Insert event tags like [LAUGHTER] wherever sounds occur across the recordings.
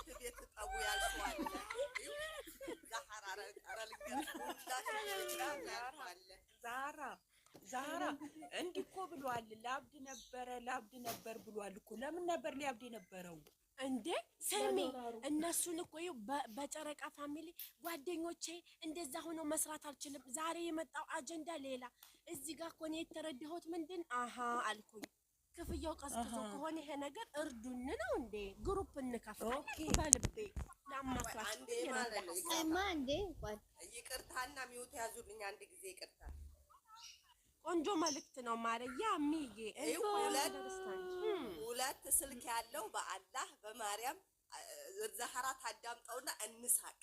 ግድ ቤት ጠቡ ያልሰዋል ዛራ ዛራ እንዲህ እኮ ብሏል። ላብድ ነበረ ላብድ ነበር ብሏል እኮ። ለምን ነበር ሊያብድ የነበረው? እንዴ ስሚ፣ እነሱን እኮ በጨረቃ ፋሚሊ ጓደኞቼ እንደዛ ሆኖ መስራት አልችልም። ዛሬ የመጣው አጀንዳ ሌላ። እዚህ ጋር እኮ እኔ የተረዳሁት ምንድን አሀ አልኩኝ ሰውየው ቀስቅሶ ከሆነ ይሄ ነገር እርዱን ነው እንዴ? ግሩፕ እንከፍታለን። በልቤ ላማሷማ እንዴ ይቅርታና ሚውት ያዙልኝ አንድ ጊዜ ይቅርታ። ቆንጆ መልእክት ነው ማርያ ሚዬ። ሁለት ስልክ ያለው በአላህ በማርያም ዘሐራት አዳምጠውና እንሳቅ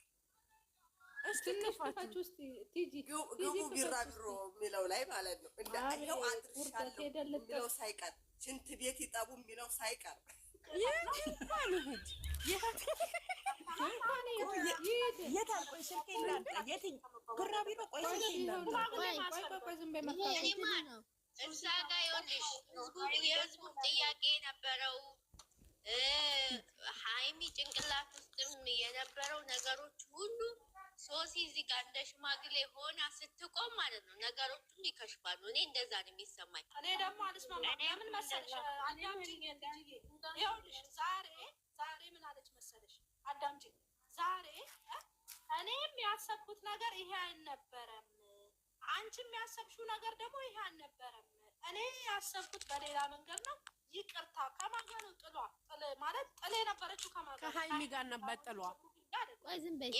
ግቡ ቢራቢሮ የሚለው ላይ ማለት ነው። እንደው አድርሻለሁ የሚለው ሳይቀር ሽንት ቤት ይጠቡ የሚለው ሳይቀር እዛ ጋ ይኸውልሽ የህዝቡም ጥያቄ የነበረው ሀይሚ ጭንቅላት ውስጥም የነበረው ነገሮች ሁሉ ሶሲ እዚህ ጋር እንደ ሽማግሌ ሆና ስትቆም ማለት ነው ነገሮቹም ይከሽፋሉ። እኔ እንደዛ ነው የሚሰማኝ። እኔ ደግሞ አልስማማም። ለምን መሰለሽ ይኸውልሽ፣ ዛሬ ዛሬ ምን አለች መሰለሽ፣ አዳምጪ። ዛሬ እኔም ያሰብኩት ነገር ይሄ አልነበረም፣ አንቺም ያሰብሽው ነገር ደግሞ ይሄ አልነበረም። እኔ ያሰብኩት በሌላ መንገድ ነው። ይቅርታ ከማገኑ ጥሏ ማለት ጥሌ የነበረችው ከማገኑ ከሀይሚ ጋር ነበር ጥሏ ዝም በይ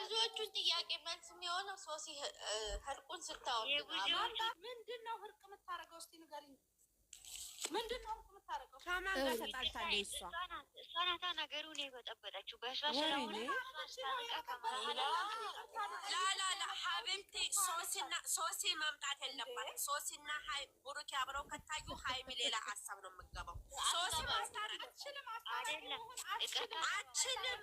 ብዙዎቹን ጥያቄ መልስ የሚሆነው ሶሲ ህርቁን ስታወቅ ምንድን ነው ህርቅ የምታደርገው? እስኪ ንገሪኝ። ነገሩን ሶሲ መምጣት የለባትም። ሶሲና ብሩክ አብረው ከታዩ ሀይሚ ሌላ ሀሳብ ነው የምትገባው። ሶሲ ማስታረቅ አችልም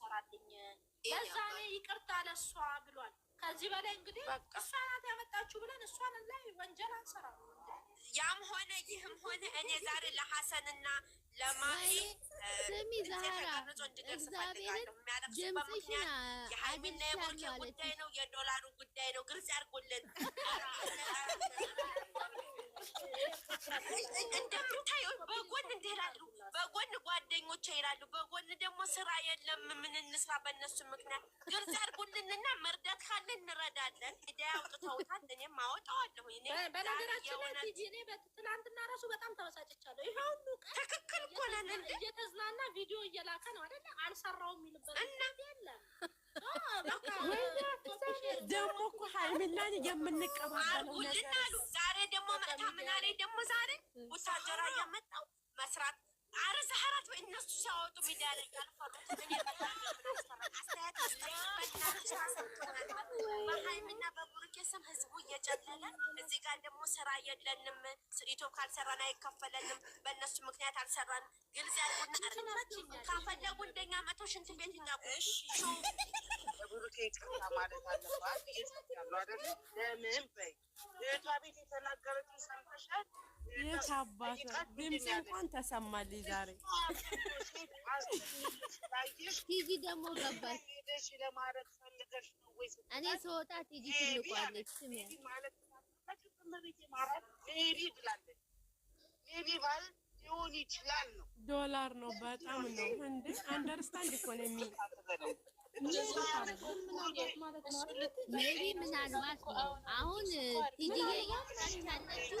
የምትሰራልኝ? ለዛ ይቅርታ ለእሷ ብሏል። ከዚህ በላይ እንግዲህ እሷ ናት ያመጣችሁ ብለን እሷን ላይ ወንጀል አንሰራ። ያም ሆነ ይህም ሆነ እኔ ዛሬ ለሀሰንና ለማሂ ስሚ ዛራ እግዚአብሔርን ድምፅሽን የሀይሚና የቦርኬ ጉዳይ ነው፣ የዶላሩ ጉዳይ ነው። ግልጽ ያርጎልን እንደምታየው በጎን እንዲላሉ በጎን ጓደ ብቻ ይላሉ። በጎን ደግሞ ስራ የለም፣ ምን እንስራ? በእነሱ ምክንያት ግልጽ አድርጉልንና መርዳት ካለ እንረዳለን። ሂዳ አውጥተውታል፣ እኔም አወጣዋለሁ። በነገራችን ትናንትና ራሱ በጣም ተበሳጭቻለሁ። ይሄ ሁሉ ቀን ትክክል እኮ ነን እንደ እየተዝናና ቪዲዮ እየላከ ነው አይደለ? አልሰራውም የሚልበት እና [LAUGHS] የለም ደግሞ እኮ ሀይሚላን የምንቀባበለው ዛሬ ደግሞ መጣ። ምን ደግሞ ዛሬ ውሳጀራ እያመጣው መስራት አረ ዛህራት እነሱ ሲያወጡ ሚዲያ ላይ በሀይሚና በቡሩኬ ስም ህዝቡ እየጨለለ እዚህ ጋር ደግሞ ስራ የለንም፣ ኢትዮ ካልሰራን አይከፈለንም፣ በእነሱ ምክንያት አልሰራን። ግልጽ ያልሆነ ካፈለጉ እንደኛ መቶ ሽንት ቤት ይናቁሽ ቡሩኬ ማለት አለባት። ለምን በይ እህቷ ቤት የተናገረችው የት አባቱ ድምፅ እንኳን ተሰማልኝ ዛሬ። ቲጂ ደግሞ ገባች። እኔ ስወጣ ቲጂ ትልቋለች። ዶላር ነው በጣም ነው እንደ አንደርስታንድ እኮ ነው የሚ ሜቢ ምናልባት አሁን ቲጂዬ ያምናቻለችው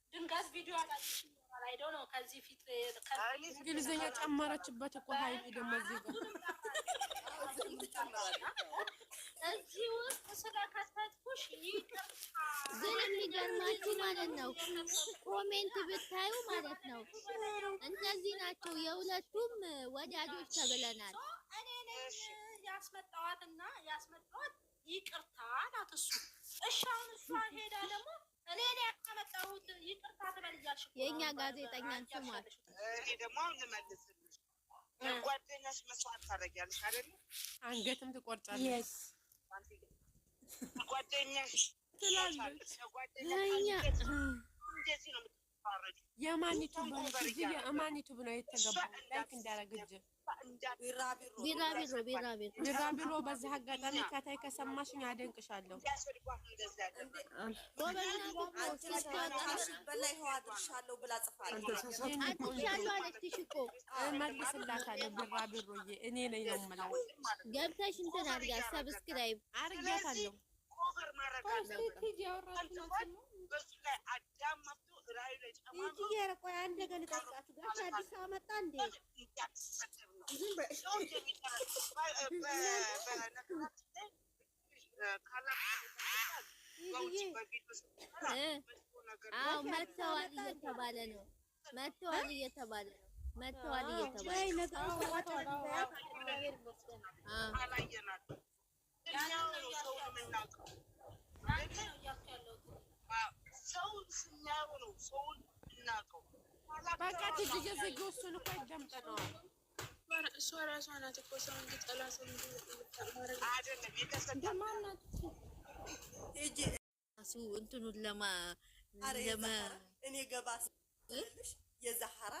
ድንጋት ቪዲዮ አይዶ ነው። ከዚህ ፊት እንግሊዝኛ ጨመረችበት እኮ ሀይሚ ደግሞ እዚህ እዚህ ውስጥ ስለከተትኩሽ ግን የሚገርማችሁ ማለት ነው ኮሜንት ብታዩ ማለት ነው እነዚህ ናቸው የሁለቱም ወዳጆች ተብለናል። ያስመጣዋት እና ያስመጣዋት ይቅርታ ናት እሱ እሺ። አሁን እሷ ሄዳ ደግሞ እኔ የእኛ ጋዜጠኛ እንትን ማለት እኔ ደግሞ ልመልስልሽ፣ ጓደኛሽ መስዋዕት ታደርጊያለሽ አይደለ? አንገትም ትቆርጫለሽ። ጓደኛሽ የማን ዩቱብ ነው የተገባው? ላይክ እንዳረግጅ ቢራቢሮ በዚህ አጋጣሚ ከታይ ከሰማሽኝ አደንቅሻለሁ። እመልስላታለሁ። ቢራቢሮዬ እኔ ነኝ ነው የምለው። ገብተሽ እንትን አድርጋ ሰብስክራይብ አዲስ አበባ መጣ እንዴ? መተዋል እየተባለ ነው። መተዋል እየተባለ ነው። መተዋል እየተባለ ነው በቃ ትግዬ ዝጊው፣ እሱን እኮ ይደምጠነዋል እሷ ራሷ ናት እኮ ሰው እንዲጠላ ሰው እንትኑን ለማ እኔ ገባ የዛሀራ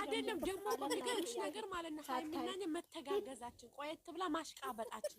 አይደለም ደግሞ በነገሮች ነገር ማለት ነው። ሀይሚና መተጋገዛችን ቆየት ብላ ማሽቃበጣችን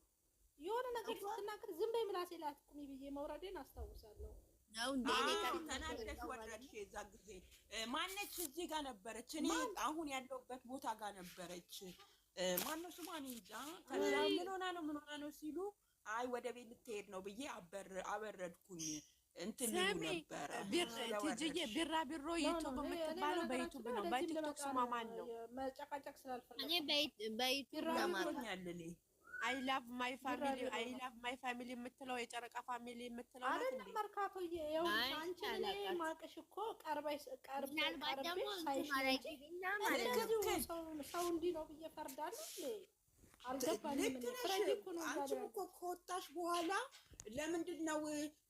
የሆነ ነገር ስትናገር ዝም በይ ምላሴ ላይ አትቁሚ ብዬ መውረዴን አስታውሳለሁ። ነው እንደ እኔ ተናደሽ ወረድሽ። የዛ ጊዜ ማነች እዚህ ጋር ነበረች፣ እኔ አሁን ያለሁበት ቦታ ጋር ነበረች። ማነው ስሟ እኔ እንጃ። ከዛ ምን ሆና ነው ምን ሆና ነው ሲሉ አይ ወደ ቤት ልትሄድ ነው ብዬ አበረድኩኝ። እንትን ነበረ ትጅዬ ቢራ ቢሮ ዩቱብ የምትባለው በዩቱብ ነው። በቲክቶክ ስሟ ማን ነው? መጨቃጨቅ ስላልፈለኩ እኔ በዩቱብ ነው ማለት ነው። አይ ላቭ ማይ ፋሚሊ አይ ላቭ ማይ ፋሚሊ የምትለው የጨረቃ ፋሚሊ የምትለው አይደለም። መርካቶ ይኸው አንቺ ላይ እኮ ሰው እንዲህ ነው ብዬ ፈርዳለሁ። እኮ ከወጣሽ በኋላ ለምንድን ነው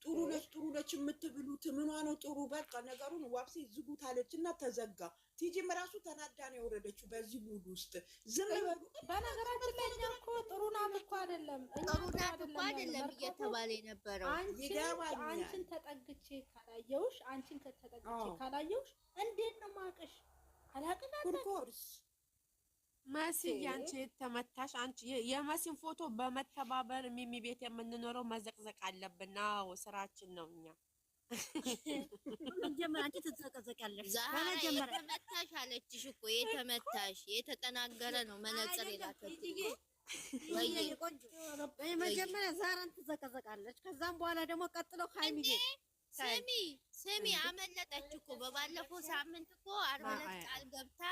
ጥሩ ነች ጥሩ ነች የምትብሉት? ምኗ ነው ጥሩ? በቃ ነገሩን ዋብሴ ዝጉት አለች እና ተዘጋ። ቲጂም ራሱ ተናዳ ነው የወረደችው በዚህ ቡድ ውስጥ ዝም በሉ። በነገራችን ላይ እኛ እኮ ጥሩ ናት እኮ አይደለም ጥሩ ናት እኮ አይደለም እየተባለ የነበረው አንቺን ተጠግቼ ካላየውሽ፣ አንቺን ተጠግቼ ካላየውሽ እንዴት ነው ማቅሽ? አላቅናቁርስ መሲ አንቺ የተመታሽ አንቺ የመሲን ፎቶ በመተባበር ሚሚ ቤት የምንኖረው መዘቅዘቅ አለብን። አዎ ስራችን ነው እኛ አንቺ ትዘቀዘቂያለሽ። የተመታሽ አለችሽ እኮ የተመታሽ የተጠናገረ ነው መነጽር የላከችው። መጀመሪያ ዛራን ትዘቀዘቃለች። ከዛም በኋላ ደግሞ ቀጥለው ሀይሚዬ ስሚ ስሚ አመለጠች እኮ በባለፈው ሳምንት እኮ አርባ ሁለት ቃል ገብታ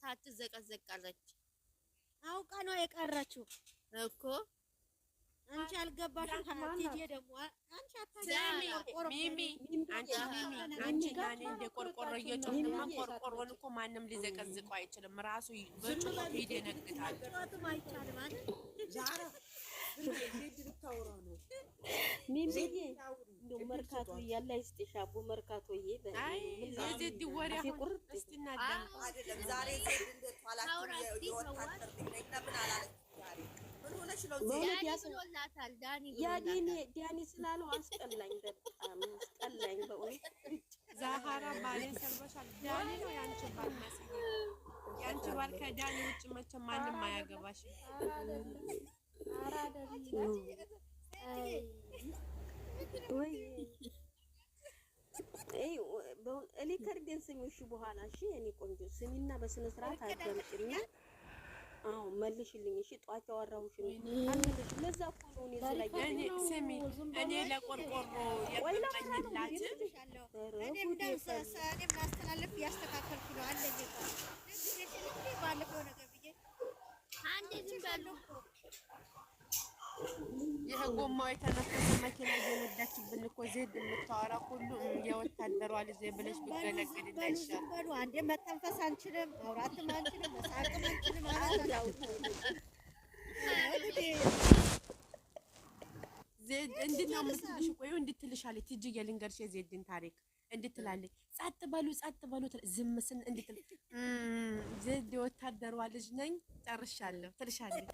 ሳትዘቀዘቅ ቀረች። አውቃ ነው የቀረችው እኮ አንቺ አልገባሽም። ቲጂ ደግሞ አንቺ እንደ ቆርቆሮ እየጮህንማ ቆርቆሮን እኮ ማንም ሊዘቀዝቁ አይችልም። ራሱ በጮህ ይደነግጣል። መርካቶ እያለ አይስጥሽ ዲያኒ ስላለው አስጠላኝ፣ በጣም አስጠላኝ። በእውነት ዛሃራ ባሌን ሰርበሻል። ዳኒ ነው የአንቺ ባል መሰለኝ። የአንቺ ባል ከዳኒ ውጭ መቼም ማንም አያገባሽ። እኔ ከርደን ስሚው፣ እሺ? በኋላ እሺ፣ የእኔ ቆንጆ ስሚና በስነ ስርዓት አዳምጪኝ። አዎ መልሽልኝ። እሺ ጧት ያወራሁሽ ነው አንልሽ። ለዛ እኮ ነው እኔ ላይ እኔ ስሚ እኔ ለቆርቆሮ የቀመኝላት እኔም ዳንስ እኔም ላስተላልፍ እያስተካከልኩ ነው አለ ባለፈው ነገር ብዬ አንዴ ዝም በሉ ይህ ጎማው የተነፈሰ መኪና እየነዳችብን እኮ ዜድ የምታወራ ሁሉ የወታደሯ ልጅ ብለሽ ብገለግል አንዴ መተንፈስ አንችልም፣ ማውራትም አንችልም፣ መሳቅም አንችልም። ዜድ እንድን ነው የምትልሽ እኮ ይኸው እንድትልሻለች። ትጅዬ ልንገርሽ የዜድን ታሪክ እንድትላለች። ጸጥ በሉ ጸጥ በሉ ዝም ስን እንድትል ዜድ የወታደሯ ልጅ ነኝ ጨርሻለሁ ትልሻለች።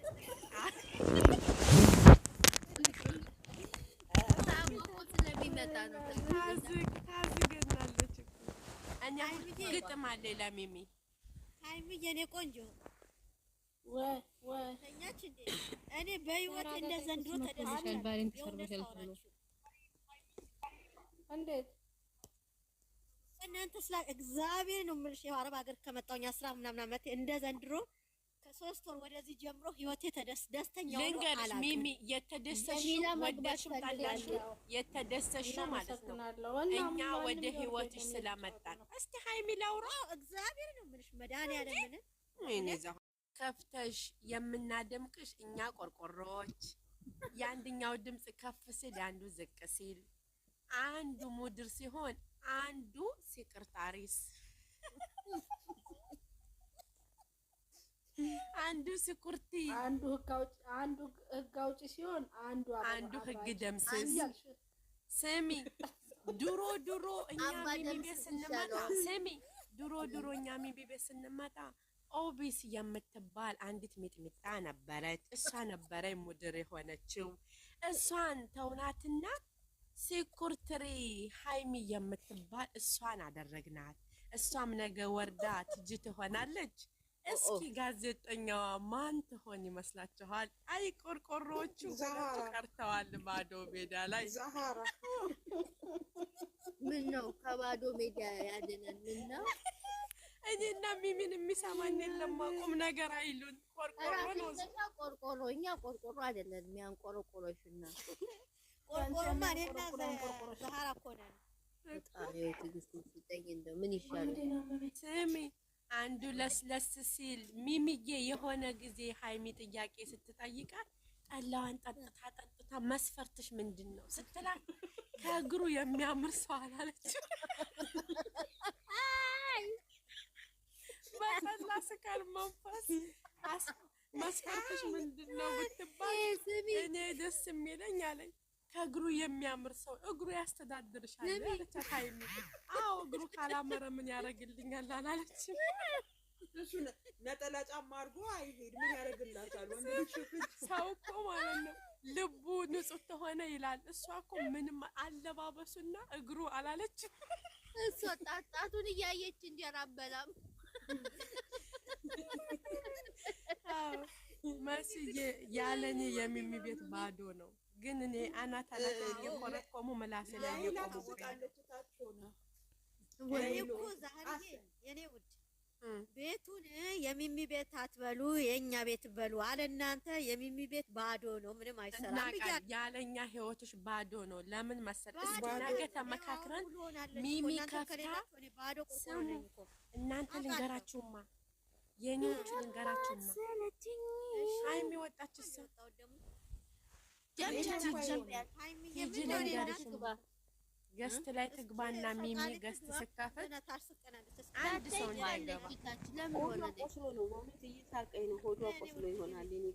ታዝገናለች። ግጥም አለ ለሚሚ ሀይሚ የኔ ቆንጆ ተኛች። እኔ በህይወት እንደ ዘንድሮ እናንተ ስላ እግዚአብሔር ነው የምልሽ። አረብ ሀገር ከመጣሁኝ አስራ ምናምን ዓመት እንደ ዘንድሮ ከሶስት ወር ወደዚህ ጀምሮ ህይወቴ ደስተኛ ልንገርሽ ሚሚ የተደሰሽው ወደሽም ጠላሽው የተደሰሽው ማለት ነው። እኛ ወደ ህይወትሽ ስለመጣን እስቲ ሀይሚ ላውራ እግዚአብሔር ነው ምንሽ መድኃኒዓለምን ከፍተሽ የምናደምቅሽ እኛ ቆርቆሮዎች የአንድኛው ድምፅ ከፍ ሲል አንዱ ዝቅ ሲል አንዱ ሙድር ሲሆን አንዱ ሲቅርጣሪስ አንዱ ስኩርቲ አንዱ ህግ አውጪ ሲሆን አንዱ አንዱ ህግ ደምስስ። ስሚ ድሮ ድሮ እኛ ሚቢቤ ስንመጣ ስሚ ድሮ ድሮ እኛ ሚቢቤ ስንመጣ ኦቢስ የምትባል አንዲት ሚጥሚጣ ነበረች። እሷ ነበረ ሙድር የሆነችው። እሷን ተውናትና ሲኩርትሪ ሀይሚ የምትባል እሷን አደረግናት። እሷም ነገ ወርዳ ትጅ ትሆናለች። እስኪ ጋዜጠኛዋ ማን ትሆን ይመስላችኋል? አይ ቆርቆሮዎቹ ሁለቱ ቀርተዋል። ባዶ ሜዳ ላይ ምን ነው ከባዶ ሜዳ ያድነን። ምን ነው እኔ እና ሚሚን የሚሰማኝ የለም። ቁም ነገር አይሉን። ቆርቆሮ ነው ቆርቆሮ። እኛ ቆርቆሮ አይደለን የሚያንቆረቆሮሽና ቆርቆሮማ እኔና ቆርቆሮማ እኮ ነን። ጣሪያ ትግስት ስጠኝ። እንደው ምን ይሻላል? ስሚ አንዱ ለስለስ ሲል ሚሚዬ የሆነ ጊዜ ሀይሚ ጥያቄ ስትጠይቃት ጠላዋን ጠጥታ ጠጥታ መስፈርትሽ ምንድን ነው ስትላት ከእግሩ የሚያምር ሰው አላለችው። በጠላ መንፈስ መስፈርትሽ ምንድን ነው ብትባል እኔ ደስ የሚለኝ አለኝ ከእግሩ የሚያምር ሰው እግሩ ያስተዳድርሻል አለቻት ሀይሚ እግሩ ካላመረ ምን ያደርግልኛል አላለች። ነጠላ ጫማ አድርጎ አይሄድ ምን ያደርግላታል? ሰው እኮ ማለት ነው ልቡ ንጹህ ተሆነ ይላል። እሷ እኮ ምንም አለባበሱና እግሩ አላለችም። እሷ ጣጣቱን እያየች እንጀራ አበላም መስዬ ያለኔ የሚሚ ቤት ባዶ ነው። ግን እኔ አናት አናት እየኮረኮሙ መላስ ላይ እየቆሙ እኮ ዛሬ የኔ ውድ ቤቱን የሚሚ ቤት አትበሉ የእኛ ቤት በሉ አለ። እናንተ የሚሚ ቤት ባዶ ነው፣ ምንም አይሰራም። ያለኛ ህይወትሽ ባዶ ነው። ለምን መሰለሽ? ነገ ተመካክረን ሚሚ ከፍታ ስሙ። እናንተ ልንገራችሁማ፣ የኔዎቹ ልንገራችሁማ። ሀይሚ ወጣች ሰው ጀምቻ ጀምቻ ሀይሚ የምን ገስት ላይ ትግባና ሚሚ ገስት ስካፈት አንድ ሰው እንዳይገባ ነው ነው። ሆዷ ቆስሎ ይሆናል የኔ